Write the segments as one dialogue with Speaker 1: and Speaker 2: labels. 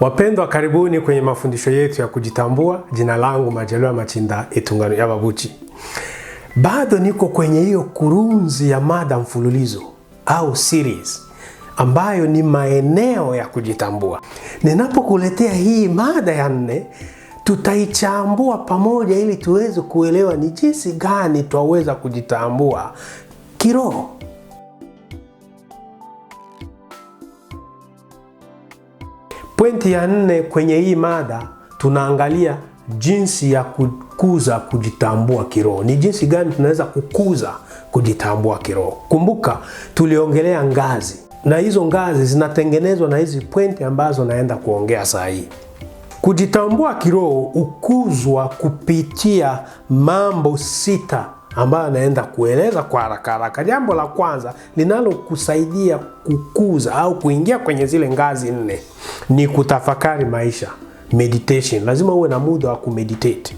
Speaker 1: Wapendwa, karibuni kwenye mafundisho yetu ya kujitambua. Jina langu Majaliwa Machinda Itungano ya Babuchi. Bado niko kwenye hiyo kurunzi ya mada mfululizo au series ambayo ni maeneo ya kujitambua. Ninapokuletea hii mada ya nne, tutaichambua pamoja ili tuweze kuelewa ni jinsi gani twaweza kujitambua kiroho. Pointi ya nne kwenye hii mada tunaangalia jinsi ya kukuza kujitambua kiroho. Ni jinsi gani tunaweza kukuza kujitambua kiroho? Kumbuka tuliongelea ngazi, na hizo ngazi zinatengenezwa na hizi pointi ambazo naenda kuongea saa hii. Kujitambua kiroho hukuzwa kupitia mambo sita ambayo anaenda kueleza kwa haraka haraka. Jambo la kwanza linalokusaidia kukuza au kuingia kwenye zile ngazi nne ni kutafakari maisha, meditation. Lazima uwe na muda wa kumeditate.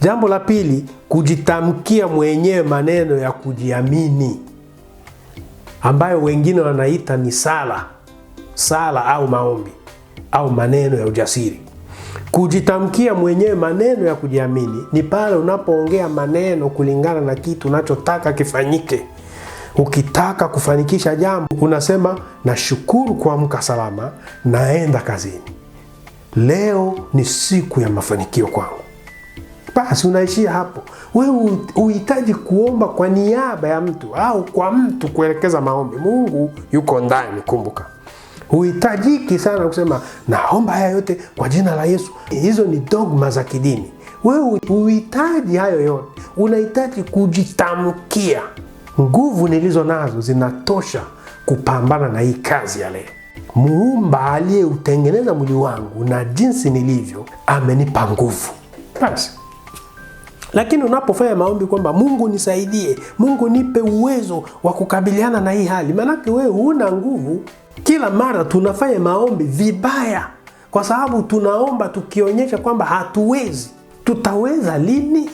Speaker 1: Jambo la pili, kujitamkia mwenyewe maneno ya kujiamini ambayo wengine wanaita ni sala, sala au maombi au maneno ya ujasiri. Kujitamkia mwenyewe maneno ya kujiamini ni pale unapoongea maneno kulingana na kitu unachotaka kifanyike. Ukitaka kufanikisha jambo unasema, nashukuru kuamka salama, naenda kazini, leo ni siku ya mafanikio kwangu. Basi unaishia hapo. Wewe uhitaji kuomba kwa niaba ya mtu au kwa mtu kuelekeza maombi. Mungu yuko ndani, kumbuka. Huhitajiki sana kusema naomba haya yote kwa jina la Yesu. Hizo ni dogma za kidini. Wewe huhitaji hayo yote, unahitaji kujitamkia. Nguvu nilizo nazo zinatosha kupambana na hii kazi ya leo. Muumba aliyeutengeneza mwili wangu na jinsi nilivyo amenipa nguvu basi. Lakini unapofanya maombi kwamba Mungu nisaidie, Mungu nipe uwezo wa kukabiliana na hii hali, maanake wewe huna nguvu. Kila mara tunafanya maombi vibaya, kwa sababu tunaomba tukionyesha kwamba hatuwezi. Tutaweza lini?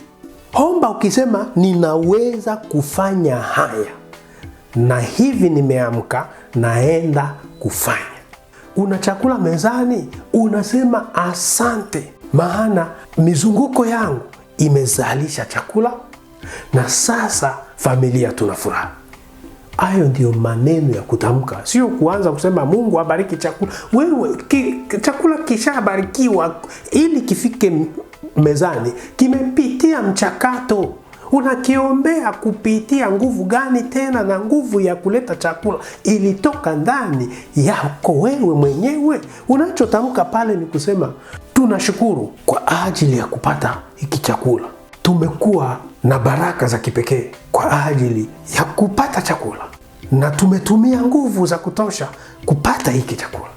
Speaker 1: Omba ukisema ninaweza kufanya haya na hivi, nimeamka naenda kufanya una chakula mezani, unasema asante, maana mizunguko yangu imezalisha chakula na sasa familia tuna furaha. Hayo ndiyo maneno ya kutamka, sio kuanza kusema Mungu abariki chakula. Wewe ki, chakula kishabarikiwa ili kifike mezani, kimepitia mchakato. Unakiombea kupitia nguvu gani tena? Na nguvu ya kuleta chakula ilitoka ndani yako wewe mwenyewe. Unachotamka pale ni kusema tunashukuru kwa ajili ya kupata hiki chakula. Tumekuwa na baraka za kipekee kwa ajili ya kupata chakula na tumetumia nguvu za kutosha kupata hiki chakula.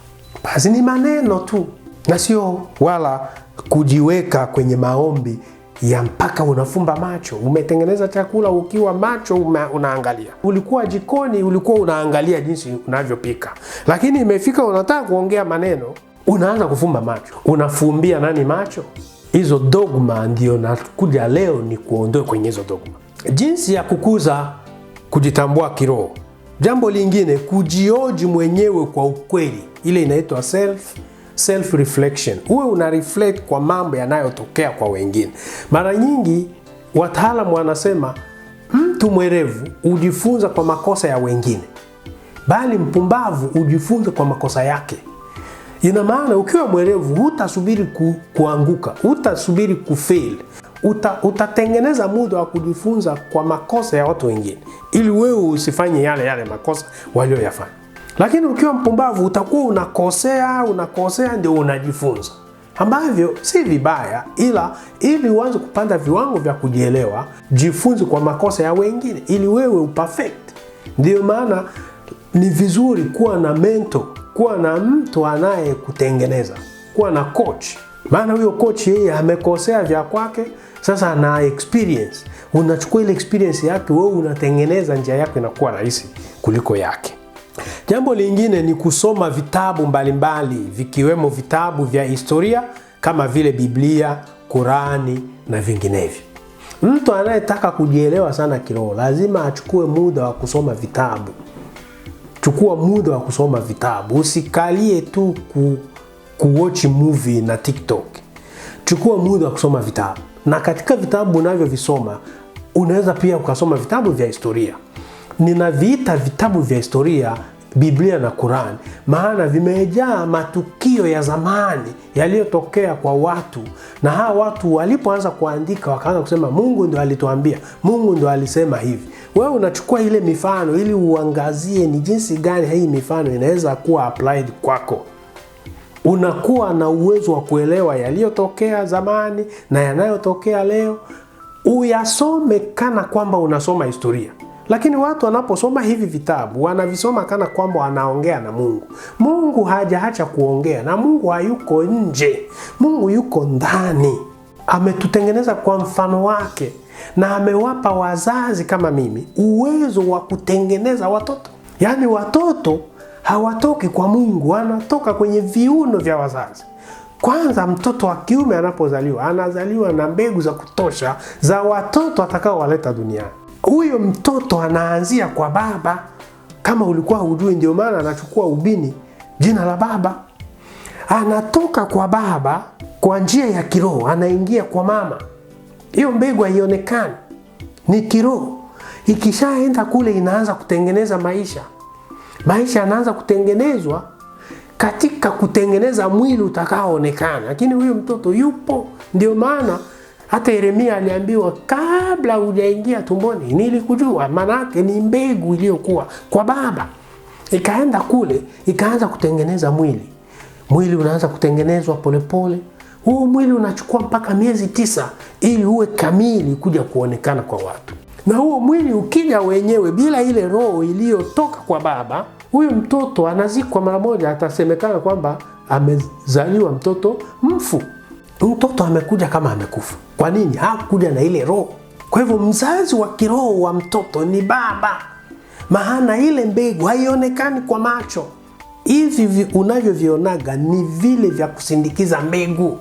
Speaker 1: Basi ni maneno tu na sio wala kujiweka kwenye maombi ya mpaka unafumba macho, umetengeneza chakula ukiwa macho ume, unaangalia. Ulikuwa jikoni, ulikuwa unaangalia jinsi unavyopika, lakini imefika unataka kuongea maneno unaanza kufumba macho. Unafumbia nani macho? Hizo dogma ndio nakuja leo ni kuondoe kwenye hizo dogma, jinsi ya kukuza kujitambua kiroho. Jambo lingine, kujioji mwenyewe kwa ukweli, ile inaitwa self self reflection. Uwe una reflect kwa mambo yanayotokea kwa wengine. Mara nyingi wataalamu wanasema mtu mwerevu hujifunza kwa makosa ya wengine, bali mpumbavu hujifunza kwa makosa yake. Ina maana ukiwa mwerevu hutasubiri ku, kuanguka, hutasubiri kufail, uta, utatengeneza muda wa kujifunza kwa makosa ya watu wengine ili wewe usifanye yale yale makosa walioyafanya. Lakini ukiwa mpumbavu utakuwa unakosea unakosea, ndio unajifunza, ambavyo si vibaya, ila ili uanze kupanda viwango vya kujielewa, jifunze kwa makosa ya wengine ili wewe uperfect. Ndiyo maana ni vizuri kuwa na mentor kuwa na mtu anayekutengeneza, kuwa na coach, maana huyo coach yeye amekosea vya kwake. Sasa ana experience, unachukua ile experience yake wewe unatengeneza njia yako inakuwa rahisi kuliko yake. Jambo lingine ni kusoma vitabu mbalimbali mbali, vikiwemo vitabu vya historia kama vile Biblia, kurani na vinginevyo. Mtu anayetaka kujielewa sana kiroho lazima achukue muda wa kusoma vitabu chukua muda wa kusoma vitabu, usikalie tu ku, kuwatch movie na TikTok. Chukua muda wa kusoma vitabu, na katika vitabu unavyovisoma unaweza pia ukasoma vitabu vya historia. Ninaviita vitabu vya historia Biblia na Qurani, maana vimejaa matukio ya zamani yaliyotokea kwa watu, na hawa watu walipoanza kuandika wakaanza kusema Mungu ndo alituambia, Mungu ndo alisema hivi. Wewe unachukua ile mifano ili uangazie ni jinsi gani hii mifano inaweza kuwa applied kwako. Unakuwa na uwezo wa kuelewa yaliyotokea zamani na yanayotokea leo, uyasome kana kwamba unasoma historia. Lakini watu wanaposoma hivi vitabu wanavisoma kana kwamba wanaongea na Mungu. Mungu hajaacha kuongea na Mungu hayuko nje. Mungu yuko ndani. Ametutengeneza kwa mfano wake na amewapa wazazi kama mimi uwezo wa kutengeneza watoto. Yaani watoto hawatoki kwa Mungu, wanatoka kwenye viuno vya wazazi. Kwanza mtoto wa kiume anapozaliwa anazaliwa na mbegu za kutosha za watoto atakaowaleta duniani huyo mtoto anaanzia kwa baba, kama ulikuwa hujui. Ndio maana anachukua ubini jina la baba, anatoka kwa baba kwa njia ya kiroho, anaingia kwa mama. Hiyo mbegu haionekani, ni kiroho. Ikishaenda kule, inaanza kutengeneza maisha. Maisha yanaanza kutengenezwa katika kutengeneza mwili utakaoonekana, lakini huyo mtoto yupo. Ndio maana hata Yeremia aliambiwa kabla hujaingia tumboni nilikujua, manake ni mbegu iliyokuwa kwa baba, ikaenda kule ikaanza kutengeneza mwili. Mwili unaanza kutengenezwa polepole Huu mwili unachukua mpaka miezi tisa ili uwe kamili kuja kuonekana kwa watu, na huo mwili ukija wenyewe bila ile roho iliyotoka kwa baba, huyu mtoto anazikwa mara moja, atasemekana kwamba amezaliwa mtoto mfu mtoto amekuja kama amekufa. Kwa nini? Hakuja na ile roho. Kwa hivyo mzazi wa kiroho wa mtoto ni baba, maana ile mbegu haionekani kwa macho. Hivi unavyovionaga ni vile vya kusindikiza mbegu.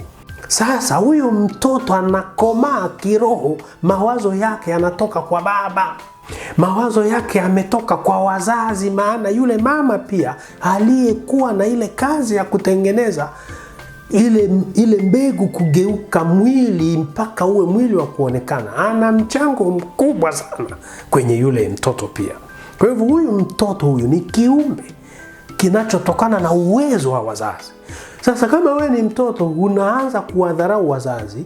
Speaker 1: Sasa huyo mtoto anakomaa kiroho, mawazo yake yanatoka kwa baba, mawazo yake yametoka kwa wazazi, maana yule mama pia aliyekuwa na ile kazi ya kutengeneza ile, ile mbegu kugeuka mwili mpaka uwe mwili wa kuonekana. Ana mchango mkubwa sana kwenye yule mtoto pia. Kwa hivyo huyu mtoto huyu ni kiumbe kinachotokana na uwezo wa wazazi. Sasa kama wewe ni mtoto unaanza kuwadharau wazazi,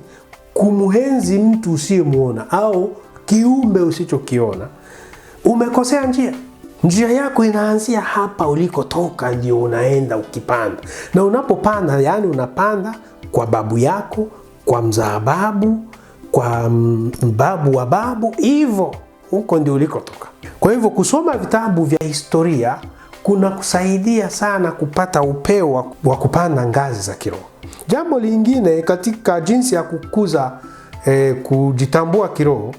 Speaker 1: kumuhenzi mtu usiyemwona au kiumbe usichokiona, umekosea njia. Njia yako inaanzia hapa ulikotoka, ndio unaenda ukipanda, na unapopanda, yaani unapanda kwa babu yako, kwa mzaa babu, kwa mbabu mm, wa babu, hivyo huko ndio ulikotoka. Kwa hivyo kusoma vitabu vya historia kuna kusaidia sana kupata upeo wa kupanda ngazi za kiroho. Jambo lingine katika jinsi ya kukuza eh, kujitambua kiroho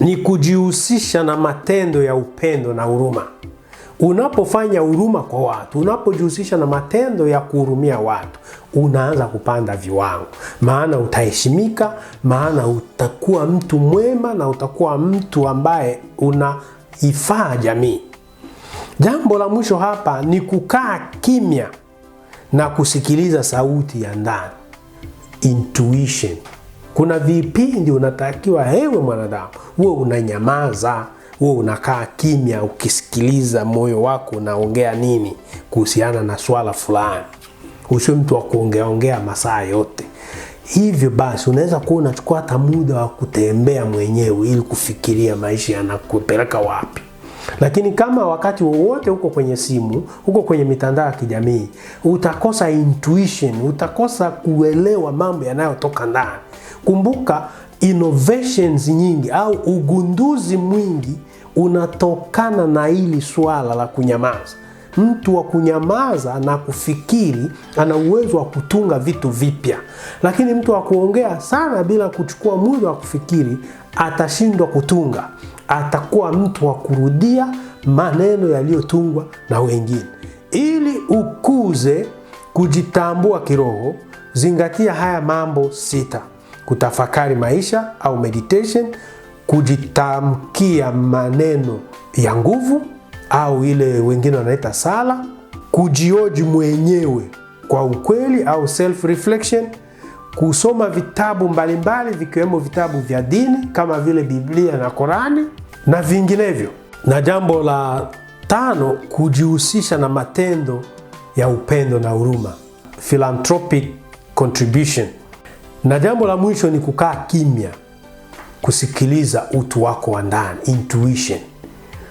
Speaker 1: ni kujihusisha na matendo ya upendo na huruma. Unapofanya huruma kwa watu, unapojihusisha na matendo ya kuhurumia watu, unaanza kupanda viwango, maana utaheshimika, maana utakuwa mtu mwema na utakuwa mtu ambaye unaifaa jamii. Jambo la mwisho hapa ni kukaa kimya na kusikiliza sauti ya ndani, intuition. Kuna vipindi unatakiwa ewe mwanadamu, huo unanyamaza, wewe unakaa kimya, ukisikiliza moyo wako unaongea nini kuhusiana na swala fulani. Usio mtu wa kuongeaongea masaa yote. Hivyo basi unaweza kuwa unachukua hata muda wa kutembea mwenyewe ili kufikiria maisha yanakupeleka wapi. Lakini kama wakati wowote uko kwenye simu, uko kwenye mitandao ya kijamii, utakosa intuition, utakosa kuelewa mambo yanayotoka ndani. Kumbuka innovations nyingi au ugunduzi mwingi unatokana na hili swala la kunyamaza. Mtu wa kunyamaza na kufikiri ana uwezo wa kutunga vitu vipya, lakini mtu wa kuongea sana bila kuchukua muda wa kufikiri atashindwa kutunga atakuwa mtu wa kurudia maneno yaliyotungwa na wengine. Ili ukuze kujitambua kiroho, zingatia haya mambo sita: kutafakari maisha au meditation, kujitamkia maneno ya nguvu au ile wengine wanaita sala, kujioji mwenyewe kwa ukweli au self reflection kusoma vitabu mbalimbali vikiwemo vitabu vya dini kama vile Biblia na Korani na vinginevyo. Na jambo la tano, kujihusisha na matendo ya upendo na huruma, philanthropic contribution. Na jambo la mwisho ni kukaa kimya, kusikiliza utu wako wa ndani, intuition.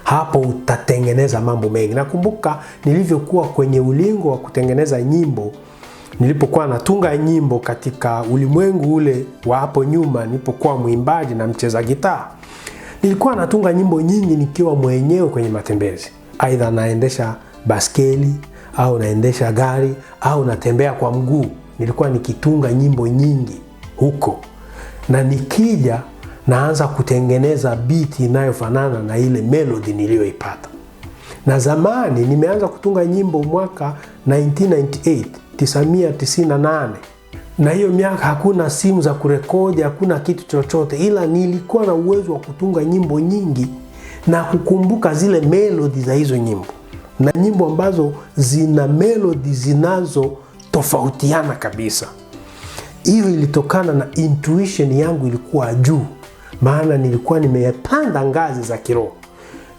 Speaker 1: Hapo utatengeneza mambo mengi. Nakumbuka nilivyokuwa kwenye ulingo wa kutengeneza nyimbo nilipokuwa natunga nyimbo katika ulimwengu ule wa hapo nyuma, nilipokuwa mwimbaji na mcheza gitaa, nilikuwa natunga nyimbo nyingi nikiwa mwenyewe kwenye matembezi, aidha naendesha baskeli au naendesha gari au natembea kwa mguu. Nilikuwa nikitunga nyimbo nyingi huko, na nikija naanza kutengeneza biti inayofanana na ile melodi niliyoipata. Na zamani nimeanza kutunga nyimbo mwaka 1998 998 na hiyo miaka hakuna simu za kurekodi, hakuna kitu chochote, ila nilikuwa na uwezo wa kutunga nyimbo nyingi na kukumbuka zile melodi za hizo nyimbo, na nyimbo ambazo zina melodi zinazotofautiana kabisa. Hiyo ilitokana na intuition yangu ilikuwa juu, maana nilikuwa nimepanda ngazi za kiroho,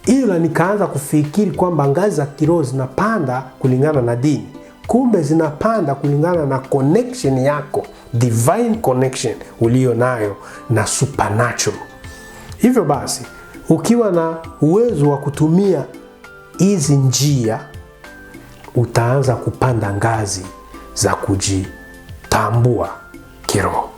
Speaker 1: ila nikaanza kufikiri kwamba ngazi za kiroho zinapanda kulingana na dini kumbe zinapanda kulingana na connection yako, divine connection uliyo nayo na supernatural. Hivyo basi ukiwa na uwezo wa kutumia hizi njia utaanza kupanda ngazi za kujitambua kiroho.